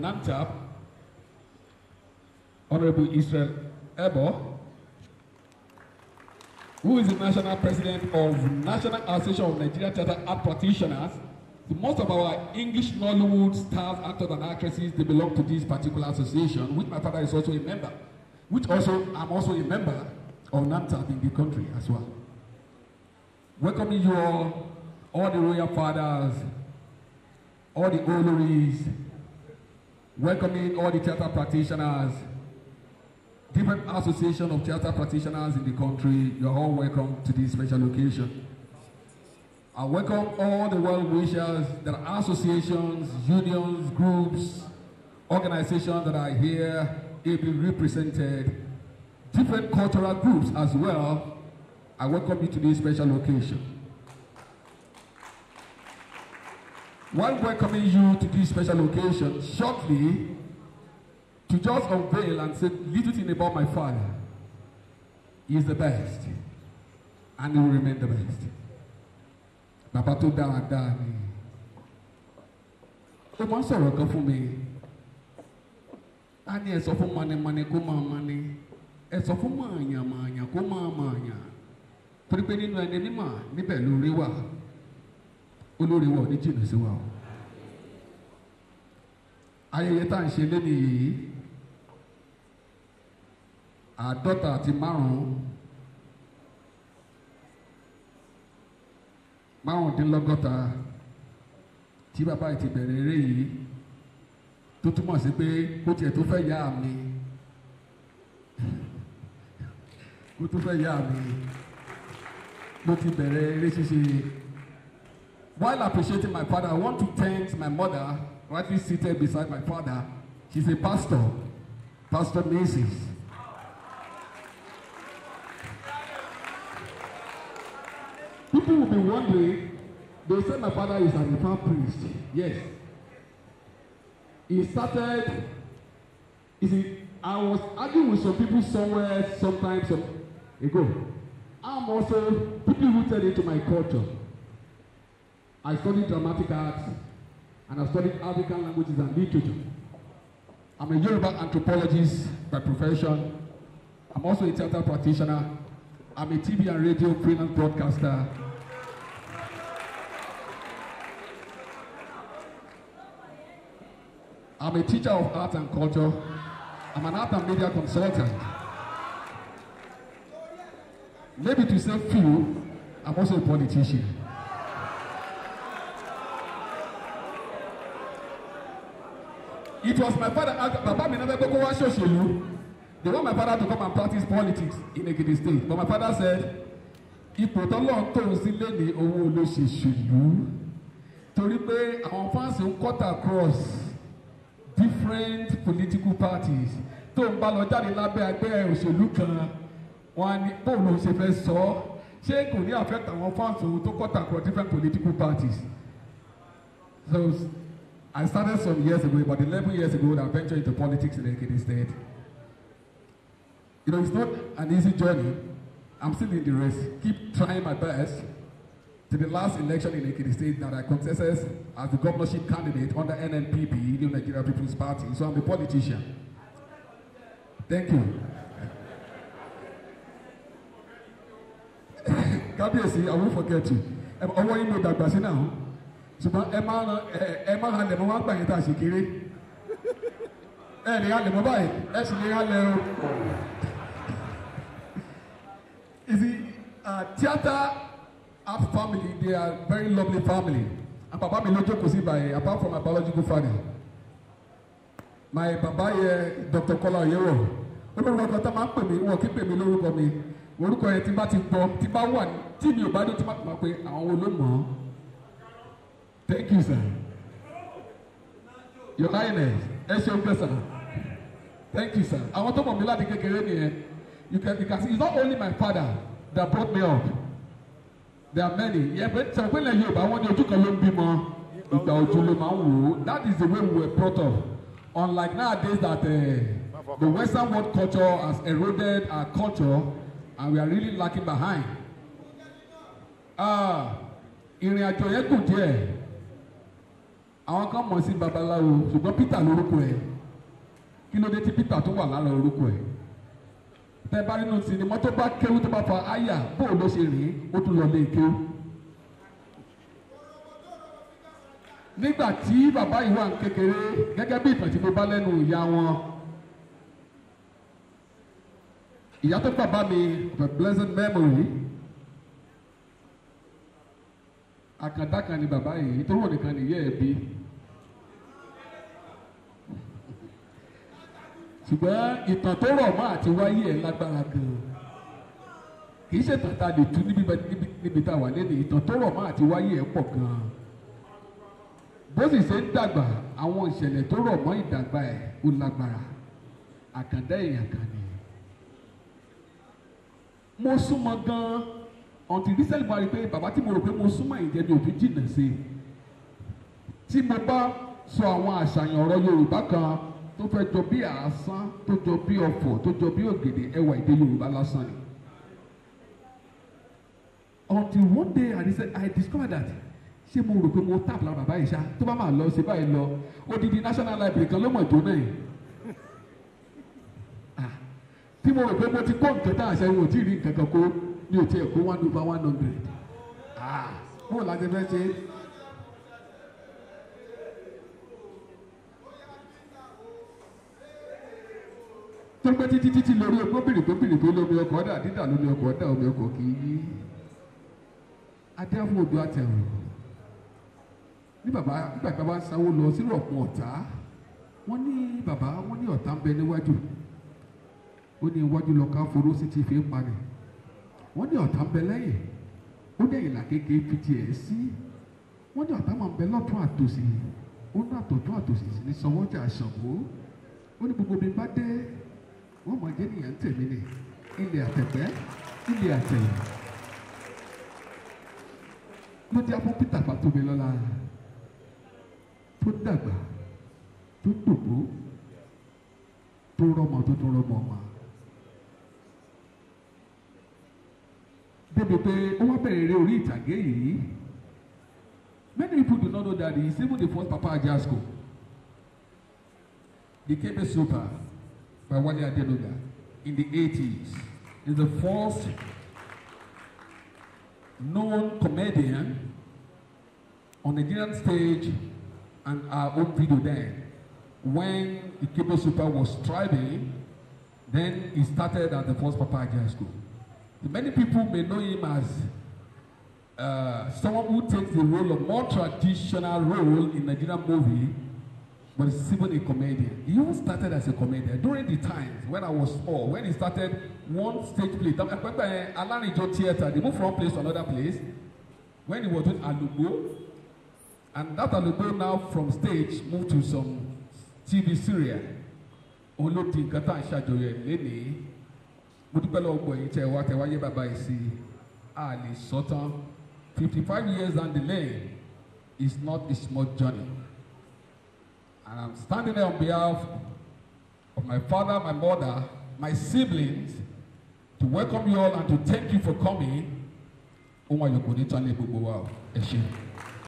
from Honorable Israel Ebo, who is the national president of National Association of Nigeria Theatre Art Practitioners. So most of our English Nollywood stars, actors, and actresses they belong to this particular association, which my father is also a member, which also I'm also a member of NAMTAP in the country as well. Welcoming you all, all the royal fathers, all the honorees, welcoming all the theater practitioners, different association of theater practitioners in the country. You're all welcome to this special location. I welcome all the well wishers, there are associations, unions, groups, organizations that are here, ably represented, different cultural groups as well. I welcome you to this special location. While welcoming you to this special occasion, shortly, to just unveil and say little thing about my father. He is the best, and he will remain the best. Bàbá tó dáadáa ni. Ó máa ń sọ̀rọ̀ kan fún mi. A ní ẹ sọ fún manimani kó máa mani. Ẹ sọ fún mààyàn mààyàn kó máa mààyàn. Torí pé nínú ẹni mímọ̀ níbẹ̀ lórí wà olórí wọn ní jìnnà sí wa o ayẹyẹ tá à ń ṣe lẹ́nu yìí àádọ́ta àti márùn-ún márùndínlọ́gọ́ta tí bàbá yìí ti bẹ̀rẹ̀ eré yìí tó túmọ̀ sí pé kó tiẹ̀ tó fẹ́ yá mi kó tó fẹ́ yá mi mo ti bẹ̀rẹ̀ eré ṣíṣe. While appreciating my father, I want to thank my mother, rightly seated beside my father. She's a pastor, Pastor Macy's. People will be wondering, they say my father is an Ifa priest. Yes. He started, you see, I was arguing with some people somewhere sometime some ago. I'm also, people rooted into my culture. I studied dramatic arts and I studied African languages and literature. I'm a Yoruba anthropologist by profession. I'm also a theater practitioner. I'm a TV and radio freelance broadcaster. I'm a teacher of art and culture. I'm an art and media consultant. Maybe to say few, I'm also a politician. It was my father uh, Baba mi náà gbogbo wá ṣòṣèlú. They want my father to come and practice politics in Ekiti state but my father said ipò tọ́lọ́ tóun sílé ní owó ló ṣe ṣèlú torí pé àwọn fáǹsì ń cut across different political parties tó ń bá lọ jáde lábẹ́ ẹgbẹ́ òṣèlú kan wọn ni bóòlù ṣe fẹ́ sọ ọ́ ṣé kò ní affect àwọn fáǹsì tó cut across different political parties. So, I started some years ago, about 11 years ago, that I ventured into politics in Ekiti State. You know, it's not an easy journey. I'm still in the race. Keep trying my best. To the last election in Ekiti State that I contested as the governorship candidate under NNPP, the Nigeria People's Party, so I'm a politician. Thank you. Kábíyèsí, I won't forget you. Ọwọ́ know that, but see now ṣùgbọ́n ẹ má ẹ má halẹ̀ mọ́ wá gbà yẹn tá a ṣe kéré ẹ lè halẹ̀ mọ́ báyìí ẹ sì lè halẹ̀ o. You see, uh, theatre our family they are very lovely family and papa mi ló jókòó sí ibàyẹn apart from my biological father my baba yẹ Dr. Kola Oyewo olórúkọ kan tá máa ń pè mí wọn kì í pè mí lórúkọ mi orúkọ yẹn tí bá ti gbọ́ tí bá wà tí mi ò bá dé tí bá pè àwọn olómọ̀ọ́. Thank you, sir. Your Highness, ẹ ṣeun pẹ sir. Thank you, sir. Àwọn tó mọ̀ mí láti kékeré nìyẹn. You can, you can see it's not only my father that brought me up. There are many. Yẹ̀pẹ̀ sàpẹ́lẹ̀ Yorùbá wọn ni ojú kan ló ń bímọ. Ìgbà òjò ló máa ń wò ó. That is the way we were brought up. Unlike nowadays that uh, the western world culture has eroded our culture and we are really lacking behind. Ah, Ìrìn àjò yẹn kù díẹ̀ àwọn kan mọ̀ sí babaláwo ṣùgbọ́n Peter lórúkọ ẹ̀ kí ló dé tí Peter tó wà lára orúkọ ẹ̀ tẹ́ bá nínú sí ni mọ́tò bá kéwú tó bá fa àyà bóò ló ṣe rìn ó tún lọ lé e kéwú. nígbà tí bàbá yìí wà kékeré gẹ́gẹ́ bí ìtàn tí mo bá lẹ́nu ìyá wọn ìyá tó bàbá mi of a memory àkàndá kan ni bàbá yìí tó wọ̀ nìkan nìyẹ́ ẹ̀ bí. ṣùgbọ́n ìtàn tó rọ̀ mọ́ àti wáyé ẹ̀ lágbára gan-an kì í ṣe tàta lè tú níbi tá a wà lédè ìtàn tó rọ̀ mọ́ àti wáyé ẹ̀ pọ̀ gan-an bó sì ṣe ń dàgbà àwọn ìṣẹ̀lẹ̀ tó rọ̀ mọ́ ìdàgbà ẹ̀ ó lágbára àkàndá èèyàn kan ni mo súnmọ́ gan-an ọ̀tí dísẹ́lì máa rí i pé bàbá tí mo rò pé mo súnmọ́ ìjẹ́ ni òbí jìnnà sí i tí mo bá sọ àwọn àṣàyàn ọ̀rọ̀ Yorùbá kan tó fẹ́ jọ bí àásán tó jọ bí ọ̀fọ̀ tó jọ bí ògèdè ẹwà èdè Yorùbá lásán ni. until one day I said I discovered that ṣé mo rò pé mo tap lára bàbá ìṣá tó bá máa lọ ṣe báyìí lọ odidi National Library kan ló mọ̀ tó náà tí mo rò pé mo ti kó nǹkan tá àṣà ìwò tí ì rí nǹkan kan kó ní òtí ẹ̀kọ́ one over one hundred ah bó o láti fẹ́ ṣe é. tó pé títí títí lórí ọgbọ́nbìnrin tó bìnrin tó lómi ọkọ̀ ọ̀dà dídà lómi ọkọ̀ ọ̀dà omi ọkọ̀ kì í yí adéhùn odò àtẹ̀wò ní bàbá nígbà tí bàbá ń sanwó lọ sínú ọ̀pọ̀ ọ̀tá wọ́n ní bàbá wọ́n ní ọ̀tá ń bẹ níwájú ó ní iwájú lọ ká foró sí ti fi ń pani wọ́n ní ọ̀tá ń bẹ lẹ́yìn ó dẹ̀ ìlà kékeré fi tiẹ̀ sí wọ́n ní ọ̀tá máa ń bẹ lọ́tún àtòsí ó ní àtọ̀tún àtòsí ní sanwó-ọjà àṣàbó ó ní gbogbo mi bá dé wọ́n mọ̀ jẹ́ nìyẹn tèmi ni ilẹ̀ àtẹ̀gbẹ́ ilẹ̀ àtẹ̀yìn ló jẹ́ fún Peter Fatomilola tó dàgbà tó dògbò tó rọmọ tó tún rọmọ ọmọ. débi pé ó wá bẹ̀rẹ̀ eré orí ìtàgé yìí many people do not know that he is even the first Papa Ajasko the kebe super by Wale Adeluga in the 80s. is the first known comedian on the Nigerian stage and our own video then. When the Ikebo Super was thriving, then he started at the first Papa High School. Many people may know him as uh, someone who takes the role of more traditional role in Nigerian movie but it's even a comedian. He even started as a comedian during the times when I was small, when he started one stage play. Dàbí pẹ́pẹ́ Alárìnjọ theatre they move from place to another place when he was doing Alugbo and that Alugbo now from stage moved to some TV serial. Olódi nǹkan tá à ń ṣàjọyọ̀ ẹ̀ lénìí. Mo dúpẹ́ lọ́wọ́ gbọ̀ yín tẹ̀ wá tẹ̀ wáyé bàbá yìí sí i. A Fifty five years down the lane is not a small journey. And I'm standing here on behalf of my father, my mother, my siblings, to welcome you all and to thank you for coming. Ó wà yòókù ní tánlé gbogbo wa ẹ ṣé.